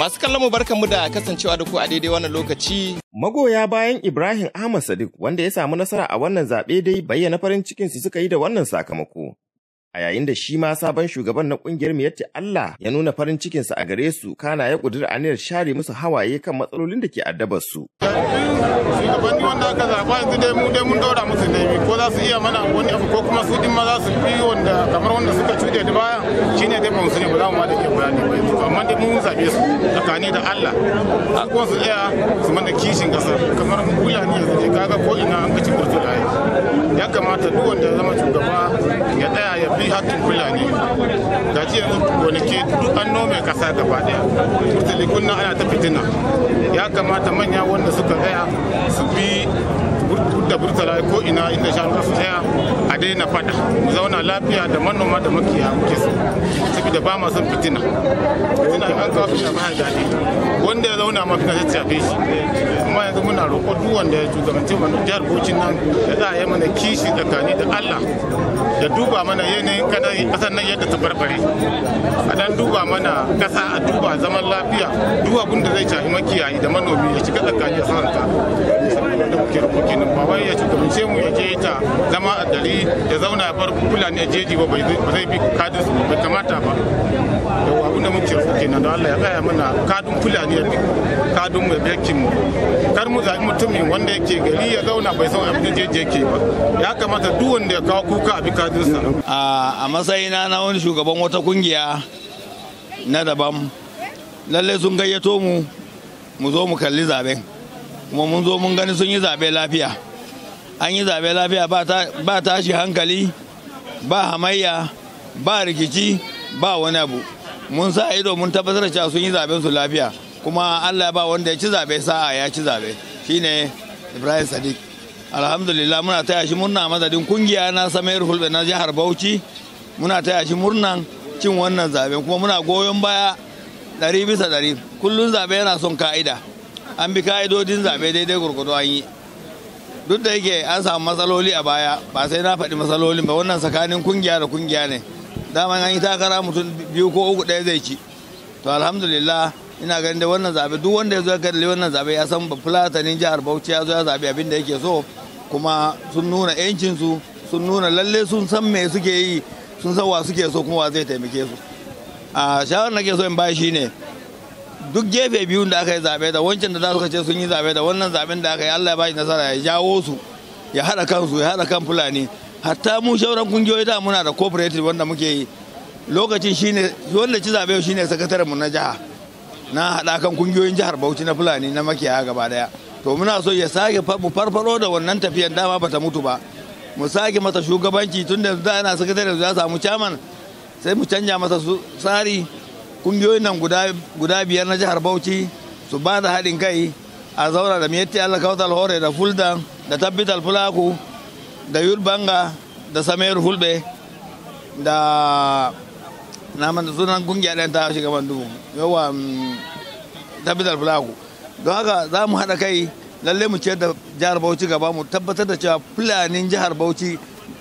Masu kallon mu muda da kasancewa da ku a daidai wannan lokaci. Magoya bayan Ibrahim Ahmad Sadiq wanda ya samu nasara a wannan zaɓe dai bayyana farin cikin su suka yi da wannan sakamako. a yayin da shi ma sabon shugaban na kungiyar Miyatti Allah ya nuna farin cikinsa a gare su kana ya a aniyar share musu hawaye kan matsalolin da ke addabar su. Shugabanni wanda aka zaɓa yanzu dai mu dai mun daura musu laifi ko za su iya mana wani abu ko kuma su din ma za su fi wanda kamar wanda suka cuɗe da baya shine dai ba mu sani ba za mu ma da ke bayani ba yanzu amma dai mun zaɓe su tsakani da Allah a kuma su iya su mana kishin ƙasar kamar mu yanzu dai kaga ko ina an kaci burtulaye. ya kamata duk wanda ya zama shugaba ya tsaya ya bi hakkin fulani da ji yanzu gonaki duk an nome kasa gaba daya kurtali kunna ana ta fitina ya kamata manya wanda suka tsaya su bi da burtala ko ina inda shanu su tsaya a daina fada mu zauna lafiya da manoma da makiya muke tafi da ba ma son fitina fitina an kawo fitina ba daɗi wanda ya zauna ma fitina zai shafe shi yanzu muna roƙo duk wanda ya shugabanci mana jihar Bauchi nan da za a yi mana kishi tsakani da Allah da duba mana yanayin kasar nan yadda ta barbare a dan duba mana kasa a duba zaman lafiya duk abin da zai shafi makiyayi da manomi ya shiga tsakani a saranta da kuke roƙo kenan ba wai ya shugabance mu ya je ta zama a dari ya zauna ya bar fulani ya jeji ba zai bi kadin su bai kamata ba yawa abin da muke roƙo na da Allah ya tsaya mana kadun fulani ya kadun mai bekin mu kar mu zaɓi mutumin wanda yake gari ya zauna bai san abin da yake ba ya kamata duk wanda ya kawo kuka a bi kadunsa a matsayina na wani shugaban wata kungiya na daban lallai sun gayyato mu mu zo mu kalli zaben kuma mun zo mun gani sun yi zabe lafiya an yi zabe lafiya ba tashi hankali ba hamayya ba rikici ba wani abu mun sa ido mun tabbatar cewa sun yi zaben su lafiya kuma Allah ya ba wanda ya ci zabe sa'a ya ci zabe shine Ibrahim Sadiq alhamdulillah muna taya shi murna madadin kungiya na Samir Hulbe na jihar Bauchi muna taya shi murnan cin wannan zabe kuma muna goyon baya ɗari bisa ɗari kullum zabe yana son ka'ida an bi ka'idodin zabe daidai gurgudu an yi duk da yake an samu matsaloli a baya ba sai na faɗi matsalolin ba wannan tsakanin kungiya da kungiya ne dama an yi takara mutum biyu ko uku ɗaya zai ci to alhamdulillah ina ganin da wannan zabe duk wanda ya zo ya kalli wannan zabe ya san fulatanin jihar bauchi ya zo ya zabe abin da yake so kuma sun nuna yancin su sun nuna lalle sun san me suke yi sun san wa suke so kuma wa zai taimake su a shawarar nake so in ba shi ne duk gefe biyun da aka yi zabe da wancan da za su ce sun yi zabe da wannan zaben da aka yi Allah ya ba shi nasara ya jawo su ya haɗa kansu ya haɗa kan fulani hatta mu shauran kungiyoyi da muna da cooperative wanda muke yi lokacin shine wanda ci zabe shine sakataren mu na jiha na kan kungiyoyin jihar Bauchi na Fulani na makiya gaba daya to muna so ya sake mu farfaro da wannan tafiyan dama bata mutu ba mu sake masa shugabanci tun da za na sakataren za samu chairman sai mu canja masa su tsari kungiyoyin nan guda biyar na jihar Bauchi su ba da haɗin kai a zaura da miyatti Allah kawtal hore da fulda da tabbital fulaku da banga da samayar hulbe da naman da sunan kungiya ɗayan ta shugaban dubu yawa mm, tabbatar fulaku don haka za mu haɗa kai lalle mu ciyar da jihar bauchi gaba mu tabbatar da cewa fulanin jihar bauchi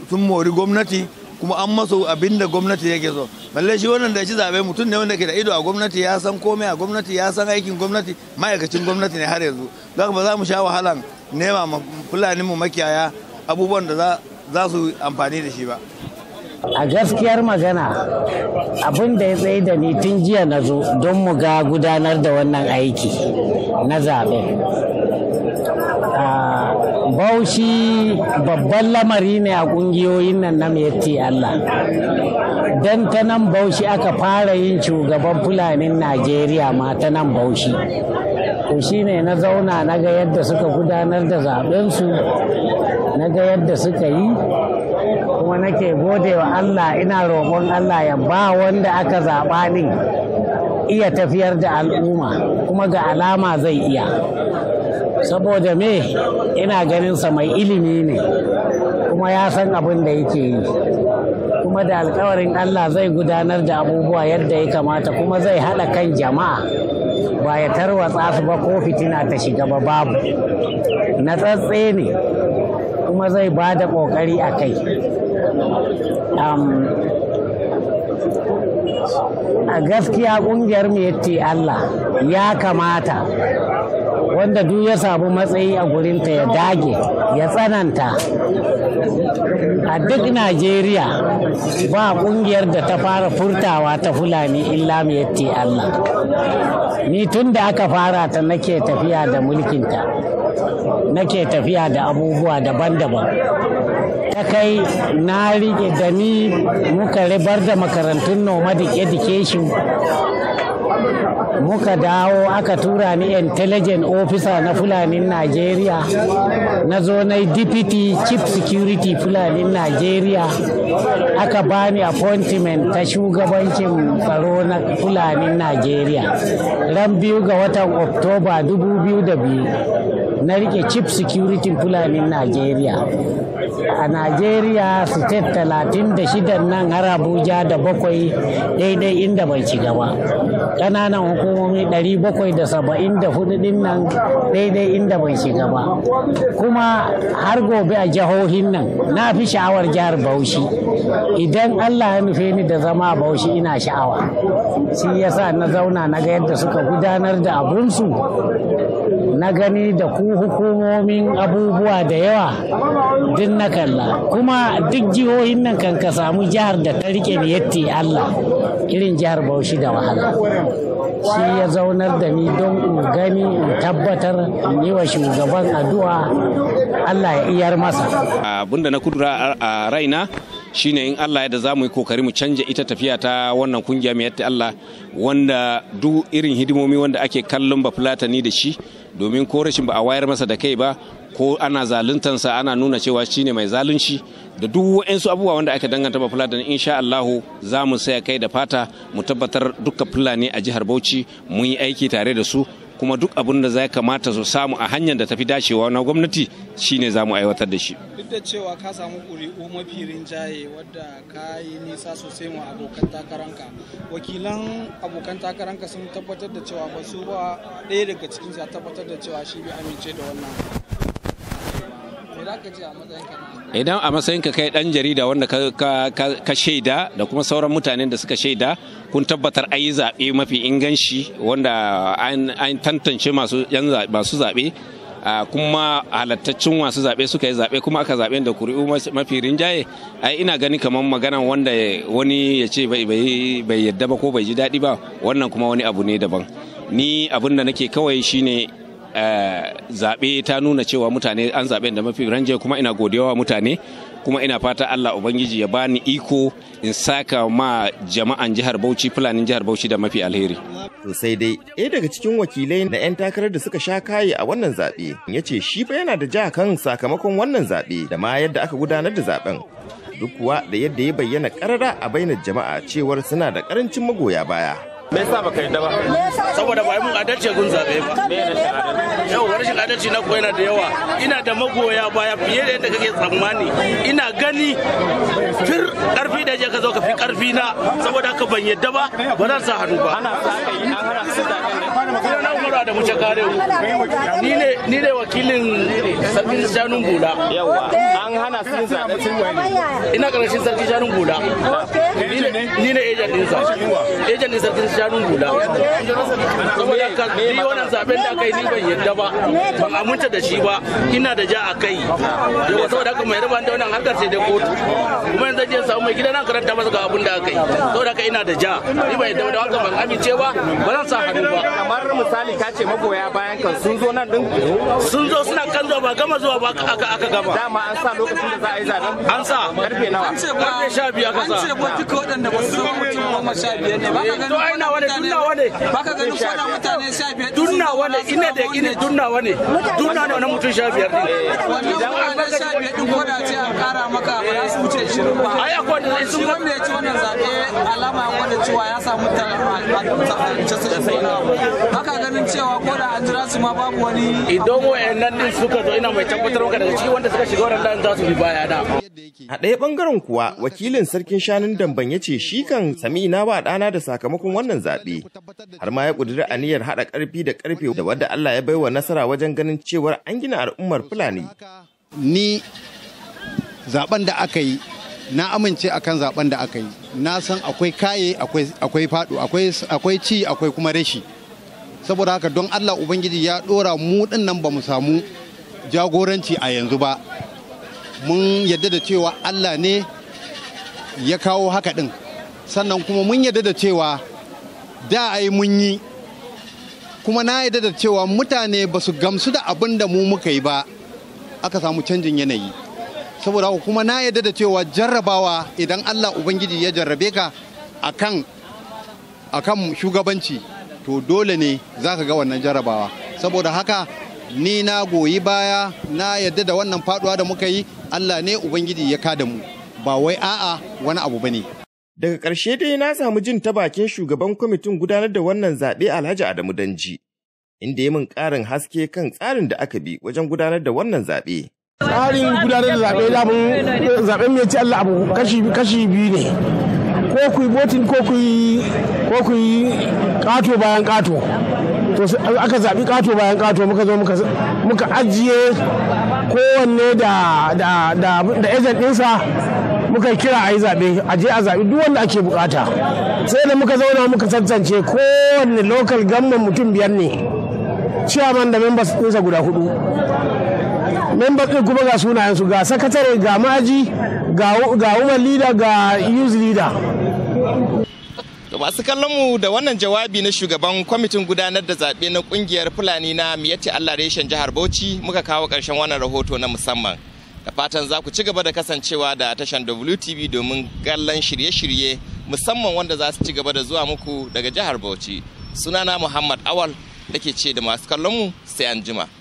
sun mori gwamnati kuma an masu abin da gwamnati yake so balle shi wannan da shi zabe mutum ne wanda ke da ido a gwamnati ya san komai a gwamnati ya san aikin gwamnati ma'aikacin gwamnati ne har yanzu don ba za mu sha wahalan nema fulani mu makiyaya abubuwan da za su amfani da shi ba a gaskiyar magana abin da ya tsaye da ni tun jiya na zo don mu ga gudanar da wannan aiki na zaɓe bauchi babban lamari ne a ƙungiyoyin nan na metti Allah don ta nan bauchi aka fara yin shugaban fulanin najeriya ma ta nan bauchi to ne na zauna na ga yadda suka gudanar da zaɓensu na ga yadda suka yi kuma nake gode wa Allah ina roƙon Allah ya ba wanda aka zaɓa ni iya tafiyar da al'umma kuma ga alama zai iya saboda me ina ganinsa mai ilimi ne kuma ya san abin da yake yi kuma da alkawarin Allah zai gudanar da abubuwa yadda ya kamata kuma zai haɗa kan jama'a ba ya tarwatsa su ba ko fitina ta shiga ba babu na tsatse ne kuma zai ba da ƙoƙari a kai a gaskiya ƙungiyar mai Allah ya kamata wanda duk ya samu matsayi a gurinta ya dage ya tsananta a duk najeriya ba kungiyar da ta fara furtawa ta fulani illa yatti allah ni tun da aka fara ta nake tafiya da mulkinta nake tafiya da abubuwa daban-daban ta kai na riƙe da ni muka ribar da makarantun nomadic education muka dawo aka tura ni intelligent officer na fulanin najeriya na zo na deputy chief security fulanin najeriya aka bani appointment ta shugabancin tsaro na fulanin najeriya ran biyu ga watan oktoba 2002 na rike chief security fulanin najeriya a najeriya state talatin da nan har abuja da bakwai daidai inda bai ci gaba ƙananan hukumomi 774 bakwai nan daidai inda bai ci ba kuma har gobe a jihohin nan na fi sha'awar jihar bauchi idan allah ya nufe ni da zama a bauchi ina sha'awa shi yasa na zauna na ga yadda suka gudanar da abunsu na gani da ku hukumomin abubuwa da yawa din na Allah kuma duk jihohin nan kan ka samu jihar da ta rike yatti Allah irin jihar Bauchi da wahala shi ya zaunar da ni don in gani in tabbatar in yi wa shugaban addu'a Allah ya iyar masa abinda na kudura a raina shine in Allah ya da za mu yi kokari mu canja ita tafiya ta wannan kungiya mai yadda Allah wanda duk irin hidimomi wanda ake kallon ba fulatani da shi domin ko rashin ba a wayar masa da kai ba ko ana zaluntansa ana nuna cewa shine mai zalunci da duk wa'insu abubuwa wanda aka danganta ba in insha Allahu za mu saya kai da fata mu tabbatar duka fulani a jihar Bauchi mun yi aiki tare da su kuma duk abin da zai kamata su samu a hanyar da tafi dacewa na gwamnati shine za mu aiwatar da shi duk da cewa ka samu ƙuri'u mafi rinjaye wadda ka yi nisa sosai ma abokan takaranka wakilan abokan takaranka sun tabbatar da cewa ba su ba ɗaya daga cikin ya tabbatar da cewa shi bai amince da wannan idan a matsayin ka kai dan jarida wanda ka shaida da kuma sauran mutanen da suka shaida kun tabbatar a yi zaɓe mafi inganci wanda an tantance masu zaɓe kuma halattacin masu zaɓe suka yi zaɓe kuma aka zaɓe da kuri'u mafi rinjaye ai ina gani kamar magana wanda wani ya ce bai yadda ba ko bai ji daɗi ba wannan kuma wani abu ne daban ni abin da nake kawai shine Eh, zaɓe ta nuna cewa mutane an zaɓen da mafi ranje kuma ina wa mutane kuma ina fata Allah Ubangiji ya bani iko in saka ma jama'an jihar Bauchi fulanin jihar Bauchi da mafi alheri. To sai dai ɗaya daga cikin wakilai na 'yan takarar da suka sha kaye a wannan zaɓe ya ce shi fa yana da ja kan sakamakon wannan zaɓe da ma yadda aka gudanar da zaɓen. Duk kuwa da yadda ya bayyana ƙarara a bainar jama'a cewar suna da ƙarancin magoya baya. me yasa baka yadda ba saboda ba mun adalci gun zabe ba yau rashin adalci na ko yana da yawa ina da magoya baya fiye da yadda kake tsammani ina gani fir karfi da je ka zo ka fi karfi na saboda ka ban yadda ba ba zan sa hannu ba ana sa kai an hana su da muke kare ni ne ni ne wakilin sarki janun bula yawa an hana sun zabe ina karshen sarki janun bula ni ne agent din sa agent din sarkin shanun gula saboda ka ni wannan zaben da kai ni ban yadda ba ban aminta da shi ba ina da ja a kai yau saboda haka mai rabanta wannan harkar sai dai kotu kuma yanzu je samu mai gidan na karanta masa ga abin da aka yi saboda haka ina da ja ni ban yadda da haka ban amince ba ba zan sa hannu ba kamar misali ka ce magoya bayan ka sun zo nan din sun zo suna kan zuwa ba gama zuwa ba aka aka gama dama an sa lokacin da za a yi zaben an sa karfe nawa karfe 12 aka sa duka waɗanda ba su zo mutum goma sha biyar ne ganin mutane sha biyar ina da ina ne ne wannan mutum sha biyar ne wannan mutane sha biyar din ce an kara maka ba za su wuce shirin ba ai akwai sun ya ci wannan zaɓe alama wanda cewa ya samu ganin cewa koda an jira su ma babu wani idan wa'annan din suka zo ina mai tabbatar maka daga ciki wanda suka shiga wannan za su bi baya da A ɗaya ɓangaren kuwa wakilin sarkin shanun damban ya ce shi kan sami ina ba ɗana da sakamakon wannan zaɓe. Har ma ya ƙudiri aniyar haɗa ƙarfi da ƙarfe da wadda Allah ya baiwa nasara wajen ganin cewar an gina al'ummar Fulani. Ni zaɓen da aka yi na amince akan zaɓen da aka yi na san akwai kaye akwai faɗo akwai ci akwai kuma rashi saboda haka don Allah Ubangiji ya ɗora mu ɗin nan ba mu samu jagoranci a yanzu ba mun yadda da cewa allah ne ya kawo haka ɗin sannan kuma mun yadda da cewa da a yi mun yi kuma na yadda da cewa mutane ba su gamsu da abin da mu muka yi ba aka samu canjin yanayi saboda haka kuma na yadda da cewa jarrabawa idan allah ubangiji ya jarrabe ka akan akan shugabanci to dole ne za ka ga wannan jarrabawa saboda haka ni na goyi baya na yadda da wannan faduwa da muka yi Allah ne Ubangiji ya kada mu ba wai a'a wani abu bane. Daga ƙarshe dai na samu jin ta bakin shugaban kwamitin gudanar da wannan zaɓe Alhaji Adamu Danji, inda ya min ƙarin haske kan tsarin da aka bi wajen gudanar da wannan zaɓe. Tsarin gudanar da zaɓe zaɓe mai ci Allah abu kashi biyu ne. Ko ku yi botin ko ku yi ƙato bayan ƙato. to aka zaɓi ƙato bayan ƙato muka zo muka ajiye kowanne da da ɗinsa muka kira a yi zaɓe a a zaɓi duk wanda ake bukata sai da muka zauna muka tantance kowanne lokal gamman mutum biyar ne ciyaman da membas ɗinsa guda hudu membas ɗin kuma ga sunayensu ga sakatare ga maji ga woman leader ga youth leader Ga masu kallon mu da wannan jawabi na shugaban kwamitin gudanar da zaɓe na ƙungiyar Fulani na Miyati Allah reshen jihar Bauchi muka kawo ƙarshen wannan rahoto na musamman. Da fatan za ku ci gaba da kasancewa da tashan WTV domin kallon shirye-shirye musamman wanda za su ci gaba da zuwa muku daga jihar Bauchi. Sunana Muhammad Awal nake ce da masu kallon mu sai anjima. jima.